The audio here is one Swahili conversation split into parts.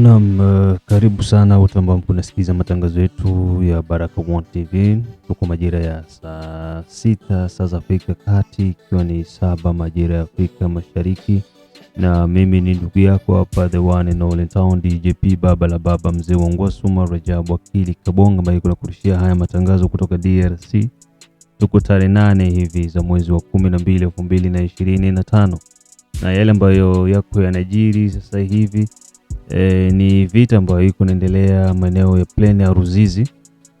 Naam, eh, karibu sana wote ambao mko nasikiliza matangazo yetu ya baraka One TV. Tuko majira ya saa sita saa za Afrika Kati, ikiwa ni saba majira ya Afrika Mashariki, na mimi ni ndugu yako hapa the one and only town DJP, baba la baba, mzee wa Ngwasuma, Rajabu Akili Kabonga, ambaye kunakurushia haya matangazo kutoka DRC. Tuko tarehe nane hivi za mwezi wa kumi na mbili elfu mbili na ishirini na tano na yale ambayo yako yanajiri sasa hivi e, ni vita ambayo iko inaendelea maeneo ya plain ya Ruzizi,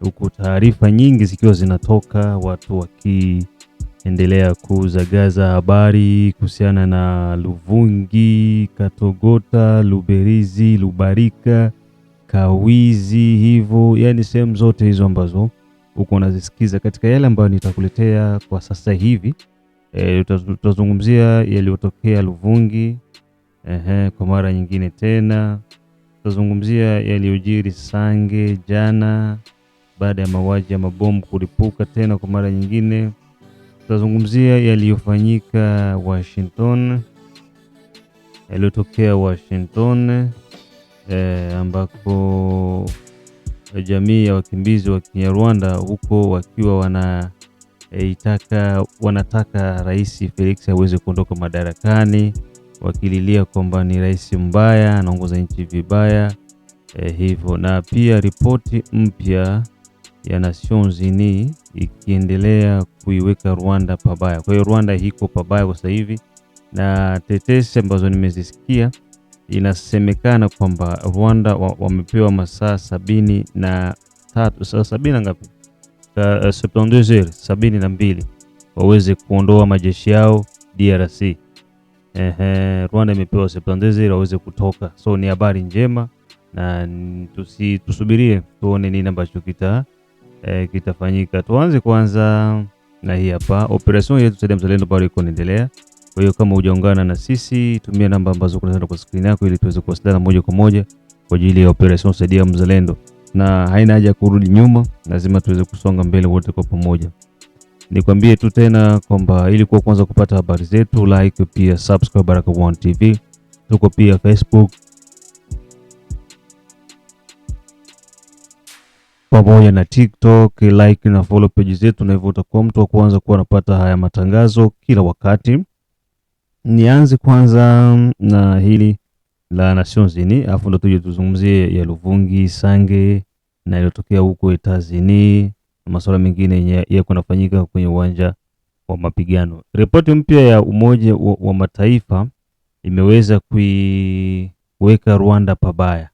huku taarifa nyingi zikiwa zinatoka, watu wakiendelea kuzagaza habari kuhusiana na Luvungi, Katogota, Luberizi, Lubarika, Kawizi, hivyo yani sehemu zote hizo ambazo huko unazisikiza katika yale ambayo nitakuletea kwa sasa hivi. E, tutazungumzia yaliyotokea Luvungi Ehe, kwa mara nyingine tena tutazungumzia yaliyojiri Sange jana baada ya mauaji ya mabomu kulipuka tena kwa mara nyingine. Tutazungumzia yaliyofanyika Washington, yaliyotokea Washington e, ambako jamii ya wakimbizi wa Kinyarwanda huko wakiwa wana e, itaka, wanataka Rais Felix aweze kuondoka madarakani wakililia kwamba ni rais mbaya, anaongoza nchi vibaya eh, hivyo na pia ripoti mpya ya Nations Unies ikiendelea kuiweka Rwanda pabaya. Kwa hiyo Rwanda iko pabaya kwa sasa hivi, na tetesi ambazo nimezisikia inasemekana kwamba Rwanda wamepewa masaa sabini na tatu saa sabini na ngapi, eh, sabini na mbili waweze kuondoa majeshi yao DRC. Ehe, Rwanda imepewa septembezi ili waweze kutoka, so ni habari njema na tusi, tusubirie tuone nini ambacho kita e, kitafanyika. Tuanze kwanza na hii hapa operation yetu Saidia Mzalendo bado iko inaendelea. Kwa hiyo kama hujaungana na sisi, tumia namba ambazo kunaenda kwa screen yako ili tuweze kuwasiliana moja kwa moja kwa ajili ya operation Saidia Mzalendo, na haina haja kurudi nyuma, lazima tuweze kusonga mbele wote kwa pamoja. Nikwambie tu tena kwamba ili kuwa kwanza kupata habari zetu, like pia subscribe baraka One TV. Tuko pia Facebook pamoja na TikTok, like na follow page zetu, na hivyo utakuwa mtu wa kwanza kuwa anapata haya matangazo kila wakati. Nianze kwanza na hili la Nationzini, afu ndo tuje tuzungumzie ya Luvungi Sange na iliyotokea huko Itazini masuala mengine yenye yako nafanyika kwenye uwanja wa mapigano. Ripoti mpya ya Umoja wa, wa Mataifa imeweza kuiweka Rwanda pabaya.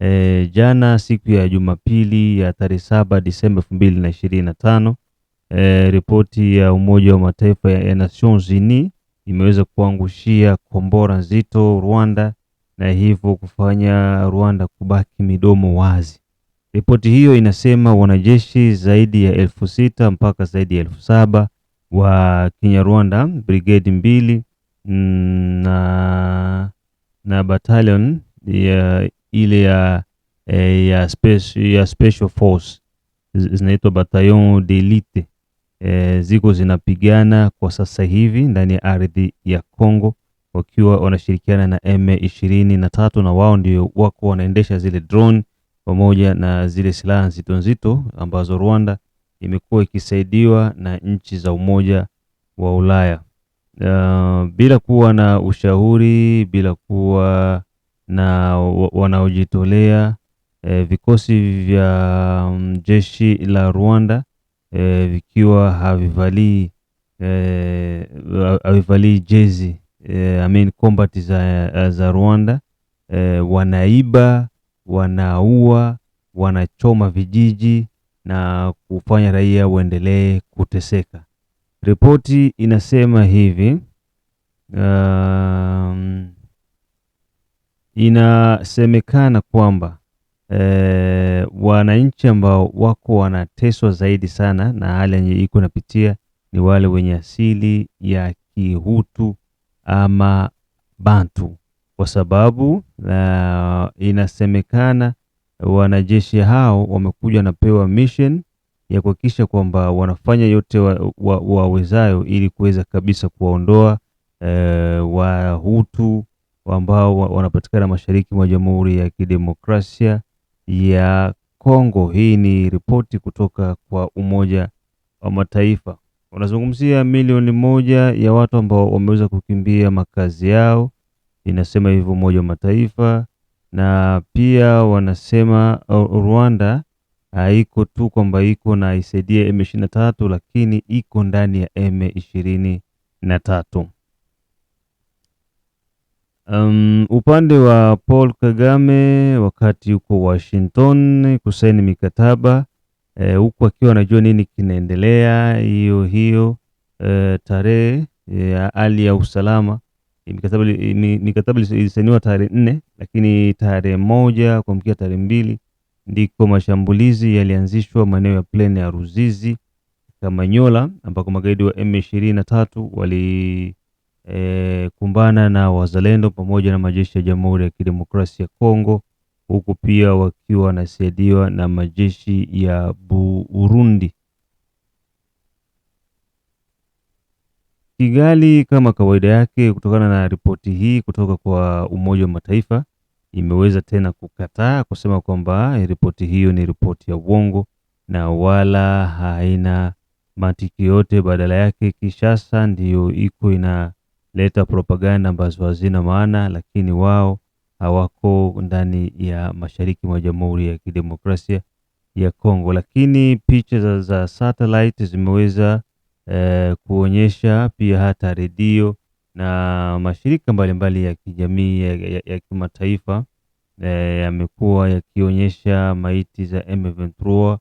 E, jana siku ya Jumapili ya tarehe saba Disemba elfu mbili na ishirini na tano e, ripoti ya Umoja wa Mataifa ya Nations Unies imeweza kuangushia kombora nzito Rwanda na hivyo kufanya Rwanda kubaki midomo wazi. Ripoti hiyo inasema wanajeshi zaidi ya elfu sita mpaka zaidi ya elfu saba wa kenya rwanda brigade mbili mm, na, na battalion ya ile ya, eh, ya, special, ya special force zinaitwa bataillon d'elite e, eh, ziko zinapigana kwa sasa hivi ndani ya ardhi ya Kongo wakiwa wanashirikiana na M23 na wao ndio wako wanaendesha zile drone pamoja na zile silaha nzito nzito ambazo Rwanda imekuwa ikisaidiwa na nchi za Umoja wa Ulaya uh, bila kuwa na ushauri, bila kuwa na wanaojitolea eh, vikosi vya um, jeshi la Rwanda eh, vikiwa havivalii eh, havivalii jezi eh, I mean combat za, za Rwanda eh, wanaiba wanaua, wanachoma vijiji na kufanya raia waendelee kuteseka. Ripoti inasema hivi um, inasemekana kwamba e, wananchi ambao wako wanateswa zaidi sana na hali yenye iko inapitia ni wale wenye asili ya Kihutu ama Bantu kwa sababu uh, inasemekana wanajeshi hao wamekuja napewa mission ya kuhakikisha kwamba wanafanya yote wawezayo wa, wa ili kuweza kabisa kuwaondoa uh, Wahutu ambao wanapatikana mashariki mwa Jamhuri ya Kidemokrasia ya Kongo. Hii ni ripoti kutoka kwa Umoja wa Mataifa. Wanazungumzia milioni moja ya watu ambao wameweza kukimbia makazi yao inasema hivyo Umoja wa Mataifa, na pia wanasema uh, Rwanda haiko uh, tu kwamba iko na isaidia M23 lakini iko ndani ya M23. Um, upande wa Paul Kagame wakati yuko Washington kusaini mikataba uh, huku e, akiwa anajua nini kinaendelea hiyo hiyo e, tarehe ya hali ya usalama mikataba ilisainiwa tarehe nne lakini tarehe moja kuamkia tarehe mbili ndiko mashambulizi yalianzishwa maeneo ya Plain ya Ruzizi, Kamanyola ambako magaidi wa M23 walikumbana eh, e, na wazalendo pamoja na majeshi ya Jamhuri ya Kidemokrasia ya Kongo, huku pia wakiwa wanasaidiwa na majeshi ya Burundi. Kigali kama kawaida yake kutokana na ripoti hii kutoka kwa Umoja wa Mataifa imeweza tena kukataa kusema kwamba ripoti hiyo ni ripoti ya uongo na wala haina mantiki yote. Badala yake Kinshasa ndiyo iko inaleta propaganda ambazo hazina maana, lakini wao hawako ndani ya mashariki mwa Jamhuri ya Kidemokrasia ya Kongo. Lakini picha za, za satellite zimeweza Eh, kuonyesha pia hata redio na mashirika mbalimbali mbali ya kijamii ya, ya, ya kimataifa eh, yamekuwa yakionyesha maiti za M23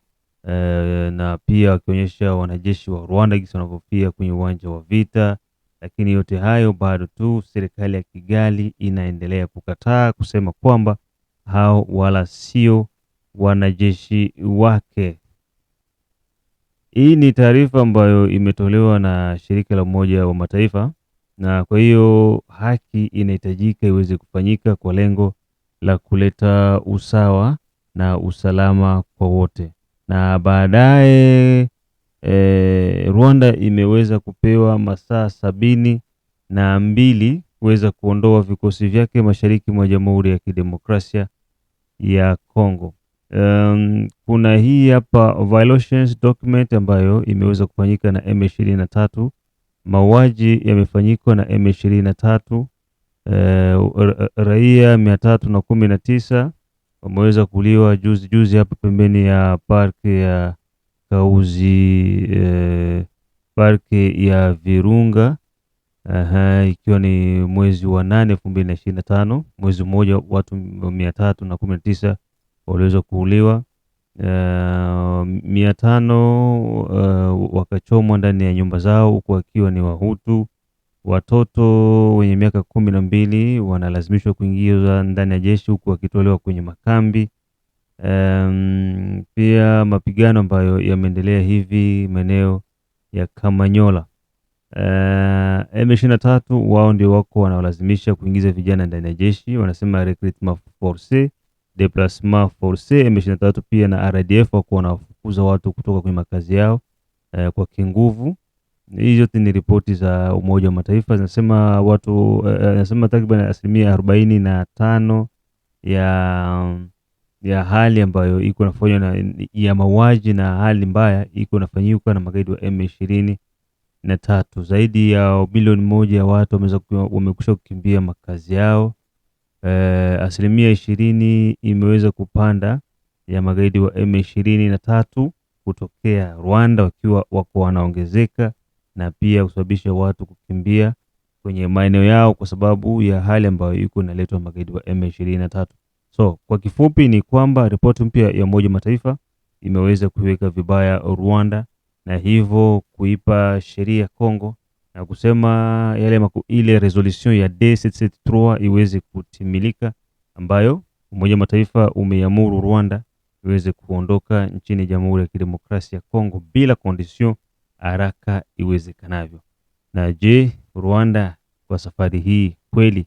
eh, na pia wakionyesha wanajeshi wa Rwanda jinsi wanavyofia kwenye uwanja wa vita, lakini yote hayo bado tu serikali ya Kigali inaendelea kukataa kusema kwamba hao wala sio wanajeshi wake. Hii ni taarifa ambayo imetolewa na shirika la Umoja wa Mataifa, na kwa hiyo haki inahitajika iweze kufanyika kwa lengo la kuleta usawa na usalama kwa wote, na baadaye e, Rwanda imeweza kupewa masaa sabini na mbili kuweza kuondoa vikosi vyake mashariki mwa Jamhuri ya Kidemokrasia ya Kongo. Um, kuna hii hapa violations document ambayo imeweza kufanyika na M23, mauaji yamefanyikwa na M23. Uh, eh, raia mia tatu na kumi na tisa wameweza kuliwa juzi juzi hapa pembeni ya park ya Kauzi, uh, park ya Virunga uh, ikiwa ni mwezi wa nane elfu mbili na ishirini na tano mwezi mmoja, watu mia tatu na kumi na tisa waliweza kuuliwa uh, mia tano uh, wakachomwa ndani ya nyumba zao huku wakiwa ni Wahutu. Watoto wenye miaka kumi na mbili wanalazimishwa kuingizwa ndani ya jeshi huku wakitolewa kwenye makambi. Um, pia mapigano ambayo yameendelea hivi maeneo ya Kamanyola uh, eh, M23 wao ndio wako wanaolazimisha kuingiza vijana ndani ya jeshi, wanasema recruitment force Deplacement Force M23 pia na RDF wakuwa wanafukuza watu kutoka kwenye makazi yao eh, kwa kinguvu. Hizi zote ni ripoti za Umoja wa Mataifa zinasema watu nasema eh, eh takriban asilimia arobaini na tano ya ya hali ambayo iko nafanywa na ya mauaji na hali mbaya iko nafanyika na magaidi wa M23 na tatu. Zaidi ya bilioni moja ya watu wameweza wamekwisha kukimbia makazi yao eh, asilimia ishirini imeweza kupanda ya magaidi wa M23 kutokea Rwanda wakiwa wako wanaongezeka na pia kusababisha watu kukimbia kwenye maeneo yao kwa sababu ya hali ambayo iko inaletwa magaidi wa M23. So kwa kifupi ni kwamba ripoti mpya ya Umoja Mataifa imeweza kuiweka vibaya Rwanda na hivyo kuipa sheria Kongo na kusema yale maku, ile resolution ya D773 iweze kutimilika ambayo Umoja wa Mataifa umeamuru Rwanda iweze kuondoka nchini Jamhuri ya Kidemokrasia ya Kongo bila condition haraka iwezekanavyo. Na je, Rwanda kwa safari hii kweli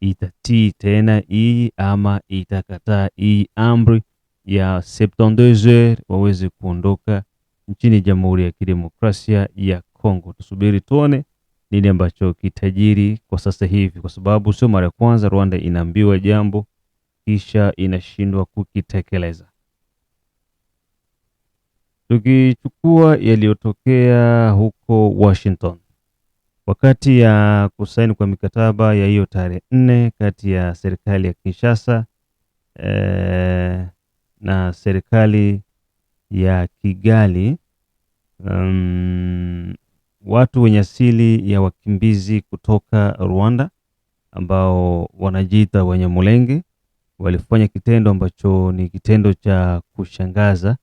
itatii tena hii ama itakataa hii amri ya 72 heures waweze kuondoka nchini Jamhuri ya Kidemokrasia ya Kongo? Tusubiri tuone nini ambacho kitajiri kwa sasa hivi, kwa sababu sio mara ya kwanza Rwanda inaambiwa jambo kisha inashindwa kukitekeleza. Tukichukua yaliyotokea huko Washington wakati ya kusaini kwa mikataba ya hiyo tarehe nne kati ya serikali ya Kinshasa eh, na serikali ya Kigali um, watu wenye asili ya wakimbizi kutoka Rwanda ambao wanajiita Wanyamulenge walifanya kitendo ambacho ni kitendo cha kushangaza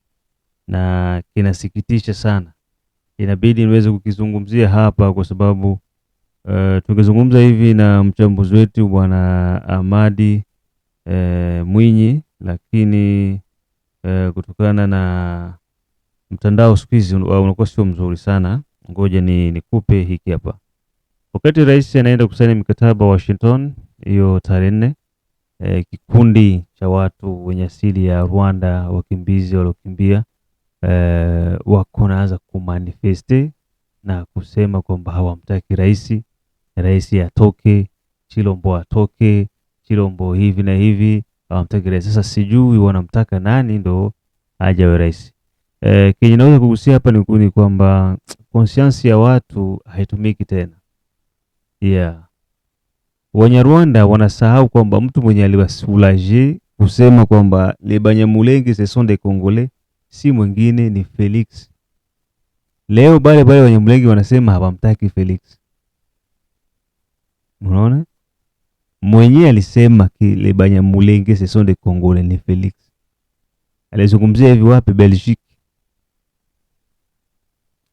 na kinasikitisha sana. Inabidi niweze kukizungumzia hapa kwa sababu uh, eh, tungezungumza hivi na mchambuzi wetu bwana Amadi uh, Mwinyi, lakini uh, kutokana na mtandao siku hizi uh, unakuwa sio mzuri sana Ngoja ni nikupe hiki hapa. Wakati rais anaenda kusaini mkataba wa Washington hiyo tarehe nne, e, kikundi cha watu wenye asili ya Rwanda, wakimbizi waliokimbia e, wako naanza kumanifesti na kusema kwamba hawamtaki rais, rais atoke, Chilombo atoke, Chilombo hivi na hivi, hawamtaki rais. Sasa sijui wanamtaka nani ndo ajawe rais. Eh, kenye naweza kugusia hapa ni kwamba konsiansi ya watu haitumiki tena. Yeah. Wanyarwanda wanasahau kwamba mtu mwenye aliwasulaje kusema kwamba les Banyamulenge ce sont des Congolais si mwingine ni Felix. Leo bale bale Banyamulenge wanasema hawamtaki Felix. Unaona? Mwenye alisema les Banyamulenge ce sont des Congolais ni Felix. Alizungumzia hivi wapi? Belgique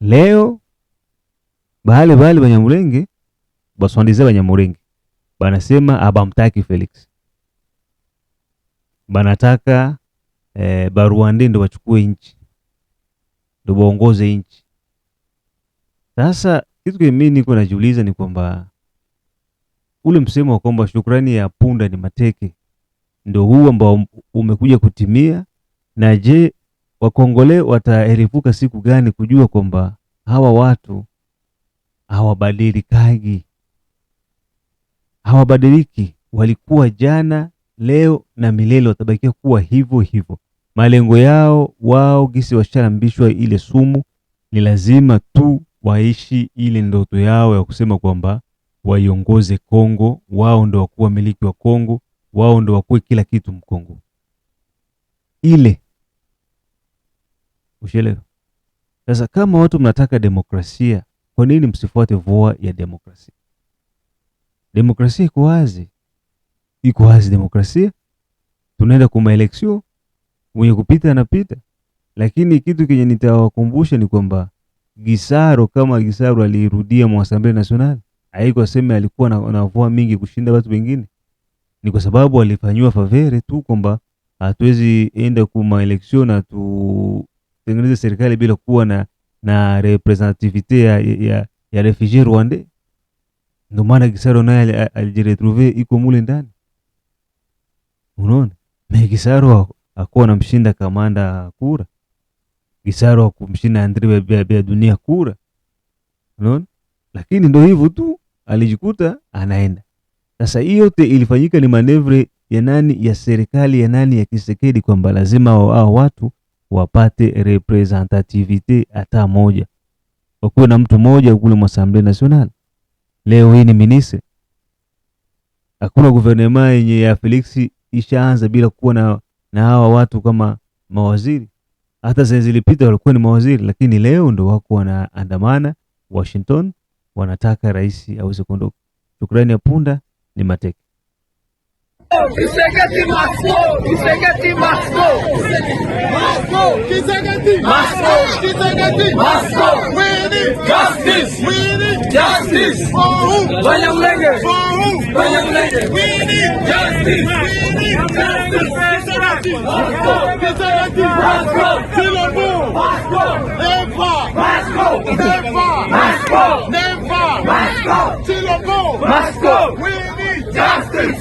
leo bale bale Banyamulenge baswandize Banyamulenge banasema abamtaki Felix banataka e, eh, baruande ndo wachukue nchi ndo waongoze nchi. Sasa kitu mimi niko najiuliza ni kwamba ule msemo wa kwamba shukrani ya punda ni mateke ndo huu ambao umekuja kutimia, na je Wakongole wataerevuka siku gani kujua kwamba hawa watu hawabadilikagi, hawabadiliki, walikuwa jana, leo na milele, watabakia kuwa hivyo hivyo. Malengo yao wao gisi washarambishwa ile sumu, ni lazima tu waishi ile ndoto yao ya kusema kwamba waiongoze Kongo, wao ndo wakuwa miliki wa Kongo, wao ndo wakuwe kila kitu Mkongo ile Ushielewa? Sasa kama watu mnataka demokrasia, kwa nini msifuate vua ya demokrasia? Demokrasia iko wazi, iko wazi demokrasia. Tunaenda kwa maeleksio, mwenye kupita anapita. Lakini kitu kenye nitawakumbusha ni kwamba Gisaro kama Gisaro alirudia mwa Assemblée Nationale, haiko sema alikuwa na, na vua mingi kushinda watu wengine, ni kwa sababu alifanywa favere tu kwamba hatuwezi enda kwa maeleksio na tu kutengeneza serikali bila kuwa na, na representativite ya, ya, ya refugee rwande. Ndio maana Gisaro naye alijiretrouve iko mule ndani, unaona. Na Gisaro akuwa na mshinda kamanda kura, Gisaro hakumshinda Andre Bya Dunia kura, unaona, lakini ndio hivyo tu alijikuta anaenda. Sasa Hiyo yote ilifanyika ni manevre ya nani? Ya serikali ya nani? Ya Kisekedi, kwamba lazima wao watu wapate representativity hata moja, wakuwe na mtu mmoja kule mwa Assemblee Nationale. Leo hii ni minise, hakuna guvernema yenye ya Felix ishaanza bila kuwa na, na hawa watu kama mawaziri. Hata zile zilipita walikuwa ni mawaziri, lakini leo ndo wako wanaandamana Washington, wanataka rais aweze kuondoka. Shukrani ya punda ni mateke. Kisegeti Moscow, Kisegeti Moscow, Moscow, Kisegeti Moscow, Kisegeti Moscow. We need justice, we need justice for who? Banyamulenge, for who? Banyamulenge. We need justice, we need justice. Kisegeti Moscow, Kisegeti Moscow, Tinubu, Moscow, never, Moscow, never, Moscow, never, Moscow, Tinubu, Moscow. We need justice.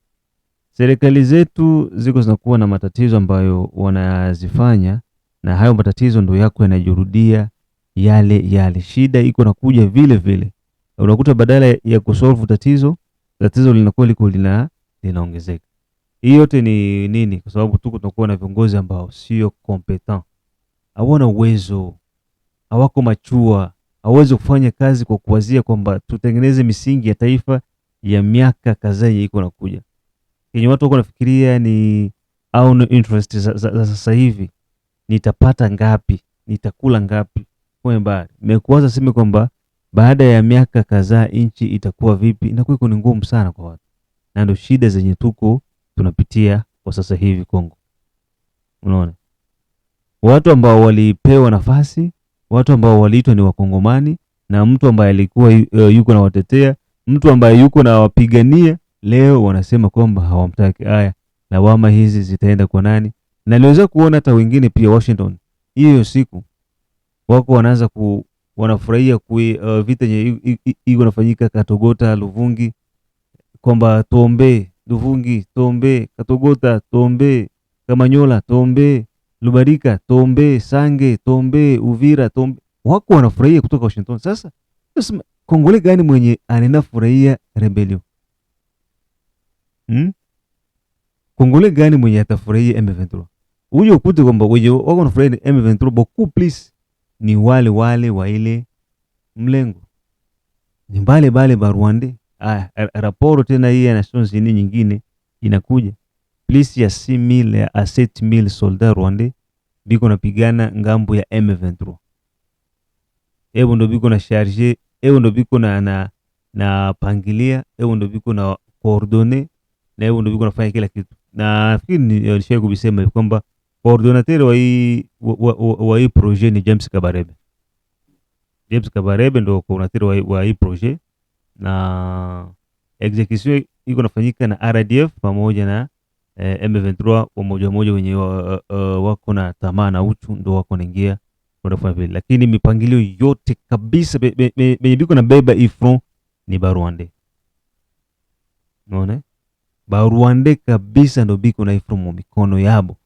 serikali zetu ziko zinakuwa na matatizo ambayo wanazifanya, na hayo matatizo ndio yako yanajirudia yale yale, shida iko nakuja vile vile. Unakuta badala ya kusolve tatizo, tatizo linakuwa liko lina linaongezeka. Hii yote ni nini? Kwa sababu tuko tunakuwa na viongozi ambao sio competent, hawana uwezo, hawako machua, hawezi kufanya kazi kwa kuwazia kwamba tutengeneze misingi ya taifa ya miaka kadhaa iko nakuja yenye watu wako nafikiria ni au no interest za, za, za sasa hivi, nitapata ngapi, nitakula ngapi? Kwamba nimekuanza sema kwamba baada ya miaka kadhaa nchi itakuwa vipi, inakuwa iko ngumu sana kwa watu, na ndio shida zenye tuko tunapitia kwa sasa hivi Kongo. Unaona, watu ambao walipewa nafasi, watu ambao waliitwa ni wakongomani na mtu ambaye alikuwa eh, yuko na watetea, mtu ambaye yuko na wapigania leo wanasema kwamba hawamtaki. Haya, lawama hizi zitaenda kwa nani? Na niliweza kuona hata wengine pia Washington hiyo siku wako wanaanza ku wanafurahia kui, uh, vita yenye iko nafanyika Katogota Luvungi, kwamba tuombe Luvungi, tuombe Katogota, tuombe Kamanyola, tuombe Lubarika, tuombe Sange, tuombe Uvira, tuombe. Wako wanafurahia kutoka Washington. Sasa Kongole gani mwenye anena furahia rebellion? Hmm? Kongole gani mwenye atafurahia M23? Huyo ukute kwamba wenye wako na wanafurahia M23 boku please ni wale wale wa ile mlengo. Ni mbale bale ba Rwanda. Ah, raporo tena hii ya Nations Unies nyingine inakuja. Please ya 6000 ya 7000 soldat Rwanda biko napigana ngambo ya M23. ebo ndo biko na charge, ebo ndo biko na na, na pangilia, ebo ndo biko na coordonner na yeye ndio anafanya kila kitu, na nafikiri nilishai eh, kubisema kwamba coordinateur wa hii wa, wa, wa hii projet ni James Kabarebe. James Kabarebe ndio coordinateur wa, wa hii projet na execution iko nafanyika na RDF pamoja na eh, M23 wa moja moja wenye wa, uh, wako na tamaa na uchu ndio wako naingia wanafanya vile, lakini mipangilio yote kabisa benye biko na beba ifron ni Barwande, unaona baruande kabisa ndo biko naifro mu mikono yabo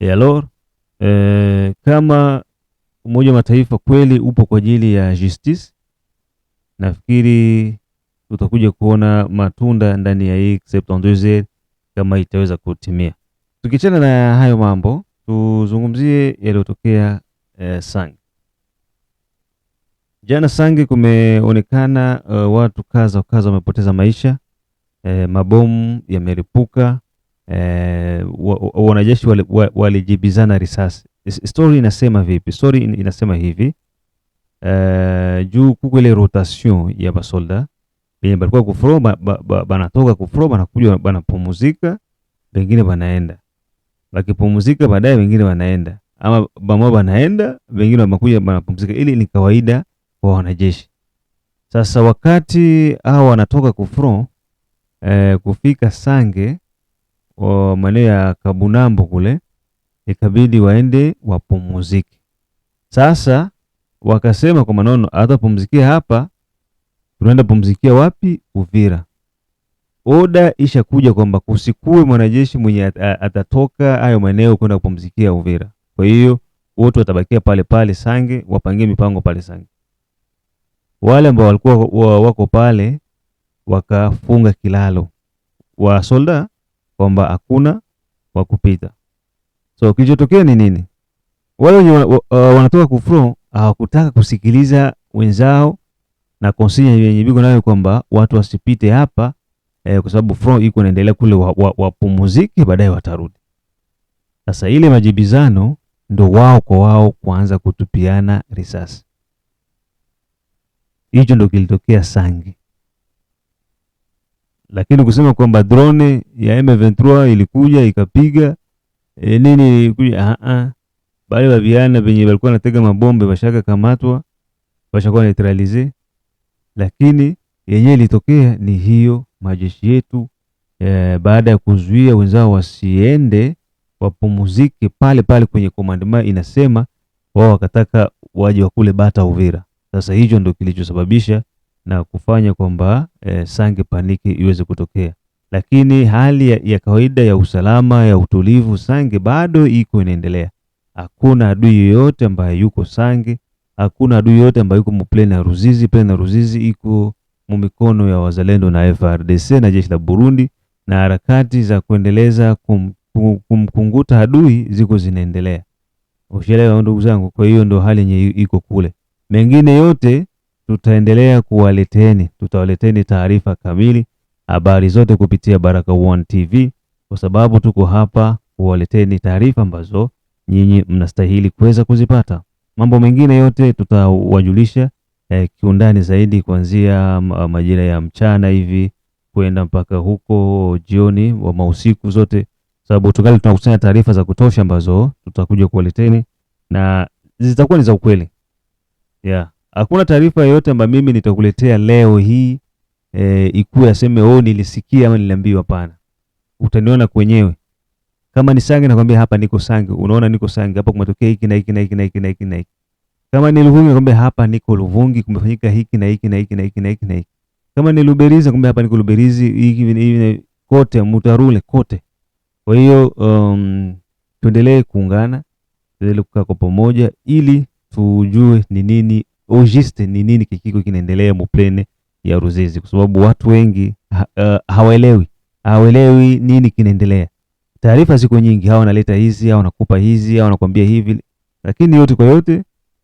ya e, kama Umoja wa Mataifa kweli upo kwa ajili ya justice, nafikiri tutakuja kuona matunda ndani ya hii Septembre kama itaweza kutimia. Tukichana na hayo mambo, tuzungumzie yaliyotokea e, Sange jana. Sange kumeonekana e, watu kaza kaza wamepoteza maisha e, mabomu yamelipuka e, eh, wanajeshi walijibizana wali risasi. Story inasema vipi? Story inasema hivi e, juu kuko ile rotation ya basolda benye balikuwa kufro banatoka ba, ba, ba kufro banakuja banapumuzika, bengine banaenda bakipumuzika, baadaye bengine banaenda ama bamoja banaenda bengine wanakuja banapumzika. Ili ni kawaida kwa wanajeshi. Sasa wakati hao wanatoka kufro e, kufika Sange maeneo ya Kabunambo kule, ikabidi waende wapumuzike. Sasa wakasema kwa Manono, hatapumzikia hapa, tunaenda pumzikia wapi? Uvira. Oda isha kuja kwamba kusikue mwanajeshi mwenye atatoka hayo maeneo kwenda kupumzikia Uvira. Kwa hiyo wote watabakia pale pale Sange, wapangie mipango pale Sange. Wale ambao walikuwa wako pale wakafunga kilalo wasolda kwamba hakuna wa kupita. So kilichotokea ni nini? Wale wenye uh, wanatoka kufro hawakutaka kusikiliza wenzao na konsinya yenye biko nayo kwamba watu wasipite hapa eh, kwa sababu fro iko inaendelea kule, wapumuzike wa, wa baadaye watarudi. Sasa ile majibizano ndo wao kwa wao kuanza kutupiana risasi. Hicho ndo kilitokea Sangi lakini kusema kwamba drone ya M23 ilikuja ikapiga e, nini ilikuja a ah, a ah. bale babiana benye balikuwa natega mabombe bashaka kamatwa bashakuwa neutralize, lakini yenye ilitokea ni hiyo majeshi yetu e, baada ya kuzuia wenzao wasiende wapumuzike pale pale kwenye komandema inasema wao wakataka waje wakule bata Uvira. Sasa hicho ndio kilichosababisha na kufanya kwamba e, sange paniki iweze kutokea, lakini hali ya, ya kawaida ya usalama ya utulivu sange bado iko inaendelea. Hakuna adui yoyote ambaye yuko sange, hakuna adui yoyote ambaye yuko mpleni ya Ruzizi. Pleni ya Ruzizi iko mumikono ya wazalendo na frdc na jeshi la Burundi, na harakati za kuendeleza kum, kum, kumkunguta adui ziko zinaendelea. Ushelewa ndugu zangu. Kwa hiyo ndo hali yenye iko kule, mengine yote tutaendelea kuwaleteni, tutawaleteni taarifa kamili, habari zote kupitia baraka One TV, kwa sababu tuko hapa kuwaleteni taarifa ambazo nyinyi mnastahili kuweza kuzipata. Mambo mengine yote tutawajulisha eh, kiundani zaidi kuanzia majira ya mchana hivi kwenda mpaka huko jioni wa mausiku zote, sababu tukali tunakusanya taarifa za kutosha ambazo tutakuja kuwaleteni na zitakuwa ni za ukweli yeah. Hakuna taarifa yoyote ambayo mimi nitakuletea leo hii e, ikuwe aseme oh, nilisikia ama niliambiwa. Hapana, utaniona kwenyewe. Kama ni Sange nakwambia hapa niko Sange, unaona niko Sange, hapa kumetokea hiki na hiki na hiki na hiki na hiki na hiki. Kama ni Luvungi nakwambia hapa niko Luvungi, kumefanyika hiki na hiki na hiki na hiki na hiki na hiki. Kama ni Luberizi nakwambia hapa niko Luberizi, hiki hivi na kote, Mutarule kote. Kwa hiyo um, tuendelee kuungana, tuendelee kukaa kwa pamoja ili tujue ni nini Ujiste ni nini kikiko kinaendelea muplene ya Ruzizi, kwa sababu watu wengi ha, uh, hawaelewi hawaelewi nini kinaendelea. Taarifa ziko nyingi, hao wanaleta hizi, hao wanakupa hizi, hao wanakuambia hivi, lakini yote kwa yote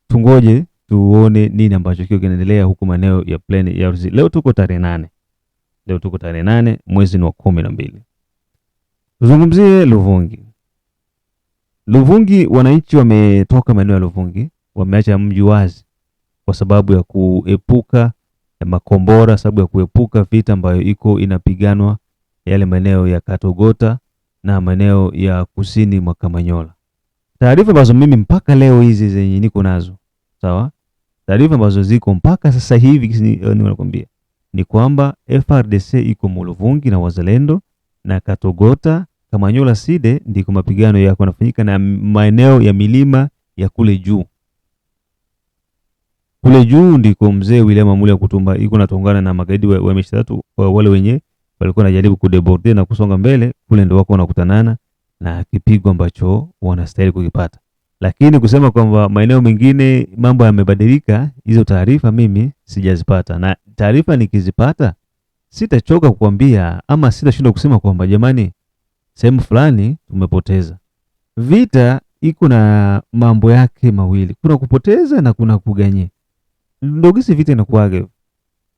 tungoje tuone nini ambacho kiko kinaendelea huku maeneo ya plane ya Ruzizi. Leo tuko tarehe nane, leo tuko tarehe nane mwezi wa kumi na mbili. Tuzungumzie Luvungi. Luvungi, wananchi wametoka maeneo ya Luvungi, wameacha mji wazi kwa sababu ya kuepuka ya makombora, sababu ya kuepuka vita ambayo iko inapiganwa yale maeneo ya Katogota na maeneo ya kusini mwa Kamanyola. Taarifa ambazo mimi mpaka leo hizi zenye niko nazo sawa, taarifa ambazo ziko mpaka sasa hivi nakwambia eh, ni kwamba FRDC iko Muluvungi na Wazalendo na Katogota, Kamanyola side ndiko mapigano yako yanafanyika na maeneo ya milima ya kule juu kule juu ndiko mzee William Amuli Kutumba iko natongana na magaidi wa, wa M23 wale wenye walikuwa wanajaribu kudeborder na kusonga mbele, kule ndio wako wanakutanana na kipigo ambacho wanastahili kukipata. Lakini kusema kwamba maeneo mengine mambo yamebadilika, hizo taarifa mimi sijazipata, na taarifa nikizipata sitachoka kukwambia ama sitashinda kusema kwamba jamani, sehemu fulani tumepoteza. Vita iko na mambo yake mawili, kuna kupoteza na kuna kuganyia ndogisi gisi vita inakuaga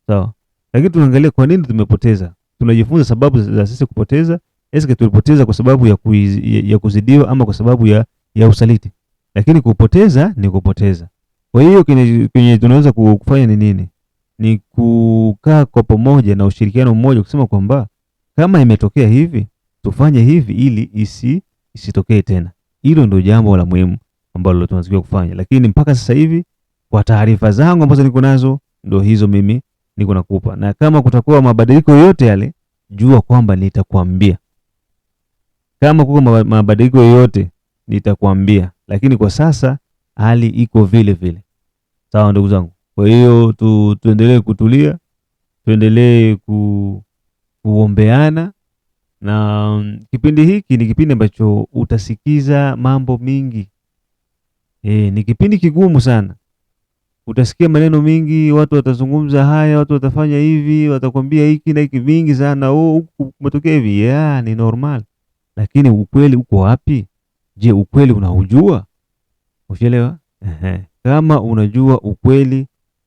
sawa, lakini tunaangalia kwa nini tumepoteza. Tunajifunza sababu za sisi kupoteza. Eske tulipoteza kwa sababu ya, kuiz, ya, ya kuzidiwa ama kwa sababu ya, ya usaliti? Lakini kupoteza ni kupoteza. Kwa hiyo kwenye tunaweza kufanya ni nini? Ni kukaa kwa pamoja na ushirikiano mmoja kusema kwamba kama imetokea hivi tufanye hivi ili isi isitokee tena. Hilo ndio jambo la muhimu ambalo tunatakiwa kufanya, lakini mpaka sasa hivi kwa taarifa zangu ambazo niko nazo ndo hizo mimi niko nakupa, na kama kutakuwa mabadiliko yoyote yale, jua kwamba nitakwambia. Kama kuko mabadiliko yoyote nitakwambia, lakini kwa sasa hali iko vile vile. Sawa ndugu zangu, kwa hiyo tu, tuendelee kutulia, tuendelee ku, kuombeana na mm, kipindi hiki ni kipindi ambacho utasikiza mambo mingi. E, ni kipindi kigumu sana Utasikia maneno mingi, watu watazungumza haya, watu watafanya hivi, watakwambia hiki na hiki vingi sana, oh, huku umetokea hivi, yeah, ni normal. Lakini ukweli uko wapi? Je, ukweli unaujua? Ushelewa? Kama unajua ukweli,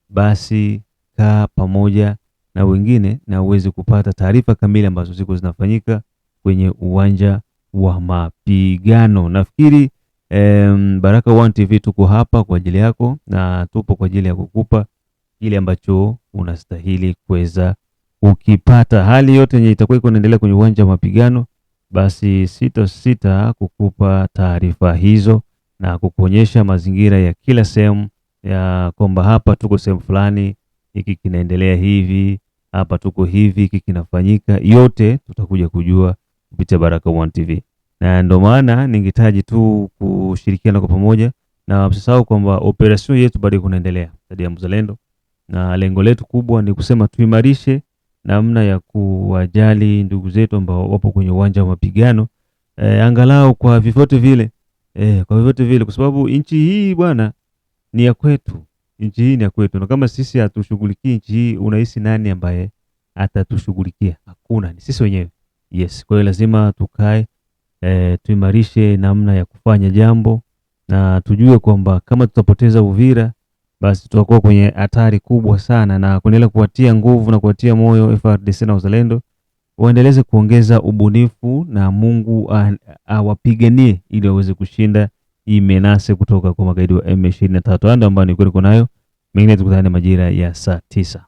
basi kaa pamoja na wengine na uweze kupata taarifa kamili ambazo ziko zinafanyika kwenye uwanja wa mapigano. Nafikiri E, Baraka One TV tuko hapa kwa ajili yako na tupo kwa ajili ya kukupa kile ambacho unastahili kuweza ukipata. Hali yote yenye itakuwa iko inaendelea kwenye uwanja wa mapigano, basi sita kukupa taarifa hizo na kukuonyesha mazingira ya kila sehemu ya kwamba hapa tuko sehemu fulani, hiki kinaendelea hivi, hapa tuko hivi, hiki kinafanyika. Yote tutakuja kujua kupitia Baraka One TV na ndio maana ningehitaji tu kushirikiana kwa pamoja, na msisahau kwamba operesheni yetu bado kunaendelea Stadi ya Mzalendo, na lengo letu kubwa ni kusema tuimarishe namna ya kuwajali ndugu zetu ambao wapo kwenye uwanja wa mapigano e, angalau kwa vyovyote vile e, kwa vyovyote vile, kwa sababu nchi hii bwana ni ya kwetu, nchi hii ni ya kwetu, na kama sisi hatushughulikii nchi hii, unahisi nani ambaye atatushughulikia? Hakuna, ni sisi wenyewe. Yes, kwa hiyo lazima tukae e, tuimarishe namna ya kufanya jambo na tujue kwamba kama tutapoteza Uvira basi tutakuwa kwenye hatari kubwa sana, na kuendelea kuwatia nguvu na kuwatia moyo FARDC na uzalendo waendeleze kuongeza ubunifu na Mungu awapiganie ili waweze kushinda hii menase kutoka kwa magaidi wa M23. Ando ambayo nilikuwa niko nayo, mengine tukutane majira ya saa tisa.